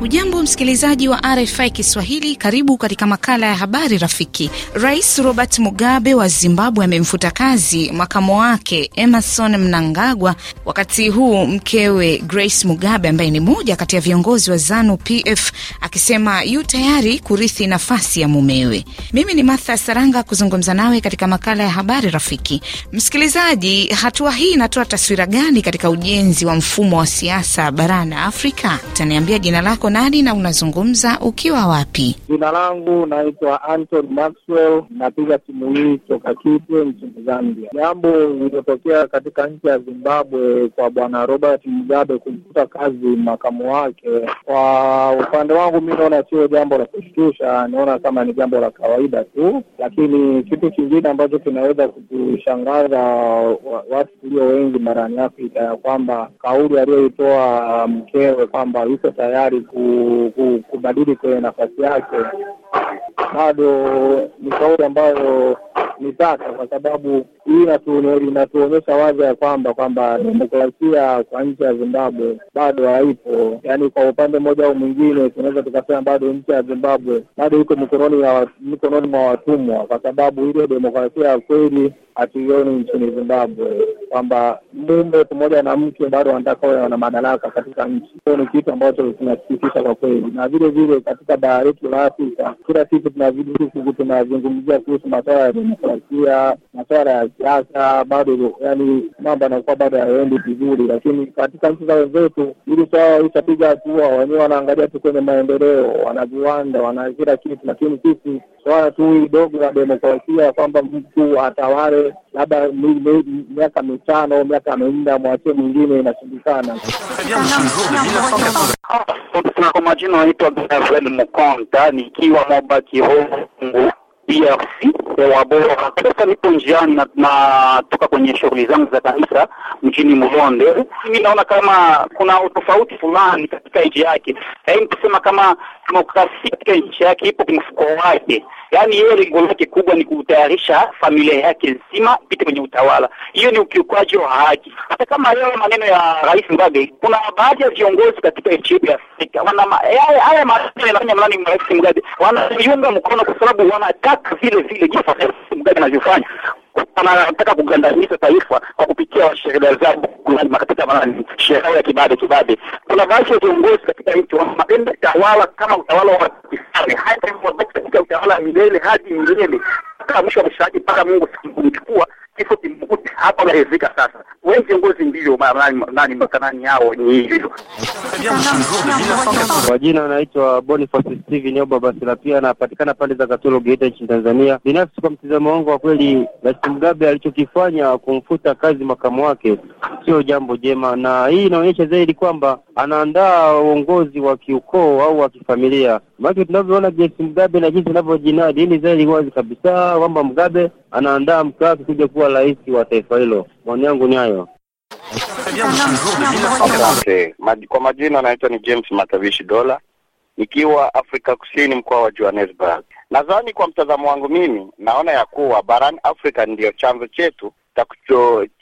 Ujambo msikilizaji wa RFI Kiswahili, karibu katika makala ya habari rafiki. Rais Robert Mugabe wa Zimbabwe amemfuta kazi makamo wake Emerson Mnangagwa, wakati huu mkewe Grace Mugabe ambaye ni moja kati ya viongozi wa ZANU PF akisema yu tayari kurithi nafasi ya mumewe. Mimi ni Martha Saranga kuzungumza nawe katika makala ya habari rafiki. Msikilizaji, hatua hii inatoa taswira gani katika ujenzi wa mfumo wa siasa barani Afrika? Utaniambia jina lako uko nani na unazungumza ukiwa wapi? Jina langu naitwa Anton Maxwell, napiga simu hii toka Kitwe nchini Zambia. Jambo lililotokea katika nchi ya Zimbabwe kwa bwana Robert Mugabe kumfuta kazi makamu wake, kwa upande wangu mi naona sio jambo la kushtusha, naona kama ni jambo la kawaida tu, lakini kitu kingine ambacho kinaweza kutushangaza watu tulio wengi barani Afrika ya kwamba kauli aliyoitoa mkewe kwamba yuko tayari kubadili kwenye nafasi yake, bado ni kauli ambayo ni tata, kwa sababu hii inatuonyesha wazi ya kwamba kwamba demokrasia kwa nchi ya Zimbabwe bado haipo. yani kwa upande mmoja au mwingine, tunaweza tukasema bado nchi ya Zimbabwe bado iko mikononi mikononi mwa watumwa, kwa sababu ile demokrasia ya kweli hatuioni nchini Zimbabwe, kwamba mume pamoja na mke bado wanataka wawe wana madaraka katika nchi. Hiyo ni kitu ambacho kinasikitisha kwa kweli, na vile vile katika bara letu la Afrika kila siku tunazidi huku tunazungumzia kuhusu masuala ya demokrasia demokrasia, masuala ya siasa bado, yani mambo yanakuwa bado hayaendi vizuri, lakini katika nchi za wenzetu ili swala walishapiga hatua, wenyewe wanaangalia tu kwenye maendeleo, wana viwanda, wana kila kitu, lakini sisi swala tu dogo la demokrasia kwamba mtu atawale labda miaka mitano miaka minne amwachie mwingine, inashindikana. Kwa majina naitwa Mkonta nikiwa Moba DRC hewa bora. Sasa nipo njiani na na toka kwenye shughuli zangu za kanisa mjini Mulonde. Mimi naona kama kuna utofauti fulani katika nchi yake, yaani nitasema kama demokrasia katika nchi yake ipo kimfuko wake, yaani yeye lengo lake kubwa ni kutayarisha familia yake nzima ipite kwenye utawala. Hiyo ni ukiukaji wa haki. Hata kama leo maneno ya Rais Mugabe, kuna baadhi ya viongozi katika nchi ya Afrika wana haya maneno yanafanya mlani Rais Mugabe wanajiunga mkono kwa sababu wanataka hata vile vile jinsi Mugabe anavyofanya anataka kugandamiza taifa kwa kupitia sheria zao katika sheria ya kibabe kibabe. Kuna baadhi ya viongozi katika nchi wanapenda tawala kama utawala wa kifalme, hata hivyo katika utawala milele hadi milele, mpaka mwisho wa maisha yake, mpaka Mungu kumchukua kifo kimkuti hapa ameridhika sasa. Wewe viongozi ndivyo nani makanani yao ni hivyo. Kwa jina naitwa Boniface Steven au Baba Serapia, anapatikana pande za Katoro Geita nchini Tanzania. Binafsi kwa mtizamo wangu wa kweli, Rais Mugabe alichokifanya kumfuta kazi makamu wake sio jambo jema, na hii inaonyesha zaidi kwamba anaandaa uongozi wa kiukoo au wa kifamilia. Maana tunavyoona Grace mgabe na jinsi anavyojinadi, hii ni zaidi wazi kabisa kwamba mgabe anaandaa mke wake kuja kuwa rais wa taifa kwa hilo. Maoni yangu ni hayo. Kwa majina anaitwa ni James Matavishi Dola, nikiwa Afrika Kusini, mkoa wa Johannesburg. Nadhani kwa mtazamo wangu mimi, naona ya kuwa barani Afrika ndiyo chanzo chetu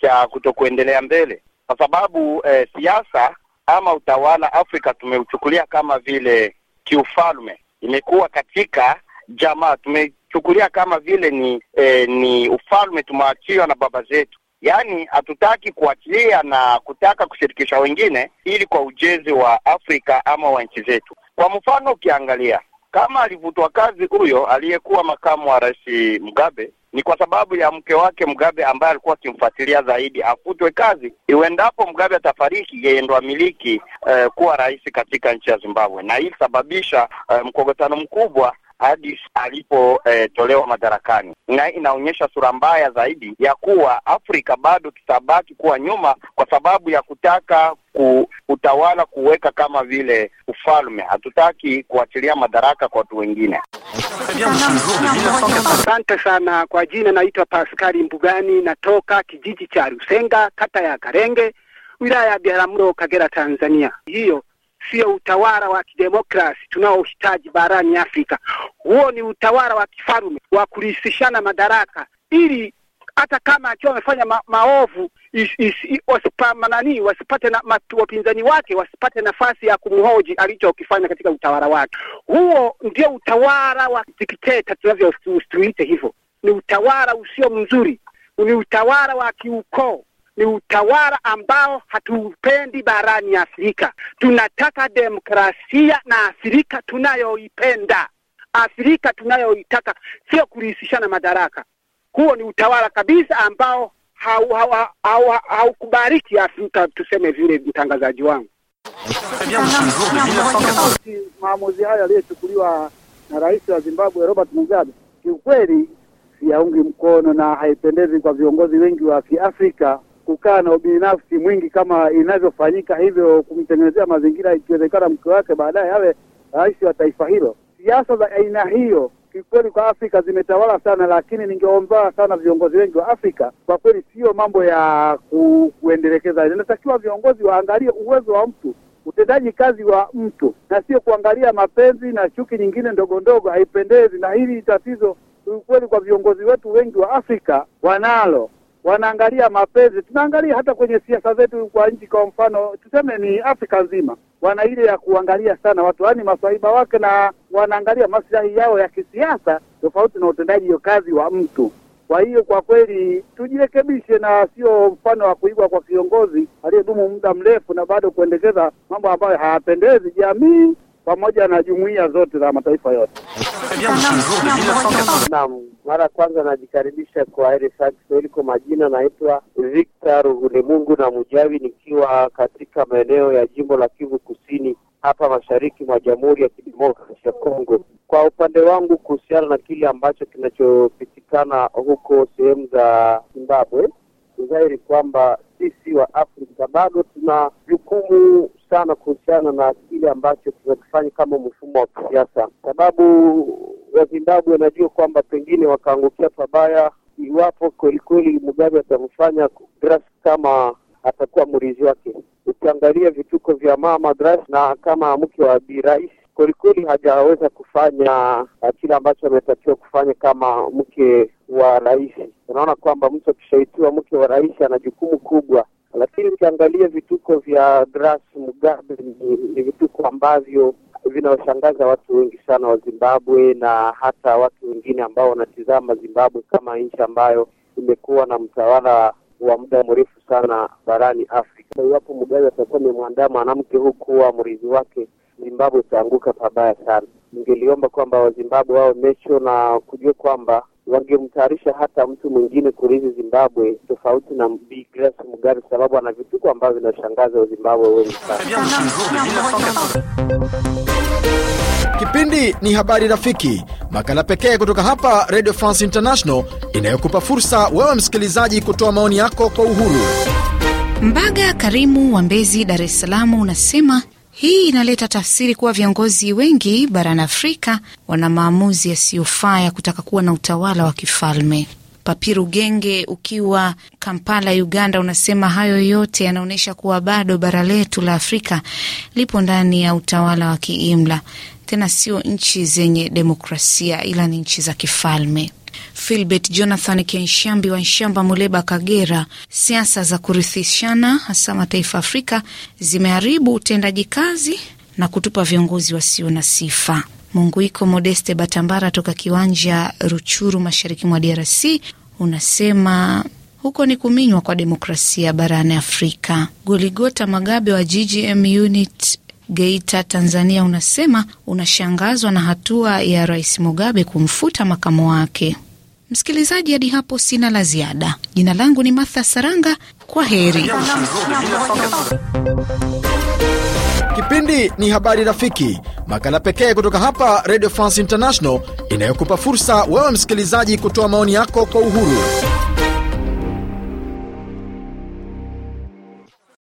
cha kutokuendelea mbele, kwa sababu eh, siasa ama utawala Afrika tumeuchukulia kama vile kiufalme, imekuwa katika jamaa tunachukulia kama vile ni eh, ni ufalme tumeachiwa na baba zetu, yaani hatutaki kuachilia na kutaka kushirikisha wengine ili kwa ujenzi wa Afrika ama wa nchi zetu. Kwa mfano, ukiangalia kama alivutwa kazi huyo aliyekuwa makamu wa rais Mugabe ni kwa sababu ya mke wake Mugabe ambaye alikuwa akimfuatilia zaidi afutwe kazi, iwendapo Mugabe atafariki, yeye ndo amiliki eh, kuwa rais katika nchi ya Zimbabwe, na hii sababisha eh, mkogotano mkubwa hadi alipotolewa eh, madarakani, na inaonyesha sura mbaya zaidi ya kuwa Afrika bado tutabaki kuwa nyuma kwa sababu ya kutaka ku, utawala kuweka kama vile ufalme. Hatutaki kuachilia madaraka kwa watu wengine. Asante sana. Kwa jina naitwa Paskari Mbugani, natoka kijiji cha Rusenga, kata ya Karenge, wilaya ya Biharamulo, Kagera, Tanzania. hiyo sio utawala wa kidemokrasi tunaohitaji barani Afrika. Huo ni utawala wa kifarume wa kurithishana madaraka, ili hata kama akiwa amefanya ma maovu wasipamanani wasipate na wapinzani wake wasipate nafasi ya kumhoji alichokifanya katika utawala wake. Huo ndio utawala wa dikteta tunavyotuite hivyo, ni utawala usio mzuri, ni utawala wa kiukoo ni utawala ambao hatuupendi barani Afrika. Tunataka demokrasia na Afrika tunayoipenda, Afrika tunayoitaka, sio kurihusishana madaraka. Huo ni utawala kabisa ambao haukubariki Afrika, tuseme vile, mtangazaji wangu. Maamuzi hayo yaliyochukuliwa na rais wa Zimbabwe Robert Mugabe kiukweli siyaungi mkono na haipendezi kwa viongozi wengi wa Kiafrika kukaa na ubinafsi mwingi kama inavyofanyika hivyo, kumtengenezea mazingira, ikiwezekana mke wake baadaye awe rais wa taifa hilo. Siasa za aina hiyo kiukweli kwa Afrika zimetawala sana, lakini ningeomba sana viongozi wengi wa Afrika kwa kweli, siyo mambo ya ku, kuendelekeza. Inatakiwa viongozi waangalie uwezo wa mtu, utendaji kazi wa mtu, na sio kuangalia mapenzi na chuki nyingine ndogo ndogo, haipendezi. Na hili tatizo kiukweli kwa viongozi wetu wengi wa Afrika wanalo wanaangalia mapenzi. Tunaangalia hata kwenye siasa zetu kwa nchi, kwa mfano tuseme ni Afrika nzima, wana ile ya kuangalia sana watu, yaani maswahiba wake, na wanaangalia maslahi yao ya kisiasa tofauti na utendaji wa kazi wa mtu. Kwa hiyo kwa kweli tujirekebishe, na sio mfano wa kuigwa kwa kiongozi aliyedumu muda mrefu na bado kuendekeza mambo ambayo hayapendezi jamii pamoja na jumuiya zote za mataifa yote. Naam, mara kwanza najikaribisha kwa RFI Kiswahili. Kwa majina naitwa Victor Ulemungu na Mujawi, nikiwa katika maeneo ya jimbo la Kivu Kusini hapa mashariki mwa Jamhuri ya Kidemokrasia ya Kongo. Kwa upande wangu, kuhusiana na kile ambacho kinachopitikana huko sehemu za Zimbabwe, ni dhahiri kwamba sisi wa Afrika bado tuna jukumu sana kuhusiana na kile ambacho tunakifanya kama mfumo wa kisiasa, sababu Wazimbabwe wanajua kwamba pengine wakaangukia pabaya iwapo kwelikweli Mugabe atamfanya Grace kama atakuwa mrizi wake. Ukiangalia vituko vya mama Grace na kama mke wa bi rais kwelikweli hajaweza kufanya eh, kile ambacho ametakiwa kufanya kama mke wa rais. Unaona kwamba mtu akishaitiwa mke wa rais ana jukumu kubwa lakini ukiangalia vituko vya Grace Mugabe ni, ni vituko ambavyo vinaoshangaza watu wengi sana wa Zimbabwe na hata watu wengine ambao wanatizama Zimbabwe kama nchi ambayo imekuwa na mtawala wa muda mrefu sana barani Afrika. Iwapo Mugabe atakuwa amemwandaa mwanamke huu kuwa mrithi wake, Zimbabwe itaanguka pabaya sana. Ningeliomba kwamba Wazimbabwe wao mecho na kujua kwamba wangemtayarisha hata mtu mwingine kurithi Zimbabwe tofauti na Bi Grace Mugabe, sababu ana vituko ambavyo vinashangaza Wazimbabwe wengi sana. Kipindi ni Habari Rafiki, makala pekee kutoka hapa Radio France International inayokupa fursa wewe msikilizaji kutoa maoni yako kwa uhuru. Mbaga Karimu wa Mbezi, Dar es Salaam, unasema hii inaleta tafsiri kuwa viongozi wengi barani Afrika wana maamuzi yasiyofaa ya kutaka kuwa na utawala wa kifalme. Papiru Genge, ukiwa Kampala, Uganda, unasema hayo yote yanaonyesha kuwa bado bara letu la Afrika lipo ndani ya utawala wa kiimla, tena sio nchi zenye demokrasia, ila ni nchi za kifalme. Filbert Jonathan Kenshambi wa Nshamba, Muleba, Kagera. Siasa za kurithishana hasa mataifa Afrika zimeharibu utendaji kazi na kutupa viongozi wasio na sifa. Munguiko Modeste Batambara toka kiwanja Ruchuru, mashariki mwa DRC unasema huko ni kuminywa kwa demokrasia barani Afrika. Goligota Magabe wa GGM unit Geita, Tanzania unasema unashangazwa na hatua ya Rais Mugabe kumfuta makamo wake. Msikilizaji, hadi hapo sina la ziada. Jina langu ni Martha Saranga, kwa heri. Kipindi ni Habari Rafiki, makala pekee kutoka hapa Radio France International inayokupa fursa wewe msikilizaji kutoa maoni yako kwa uhuru.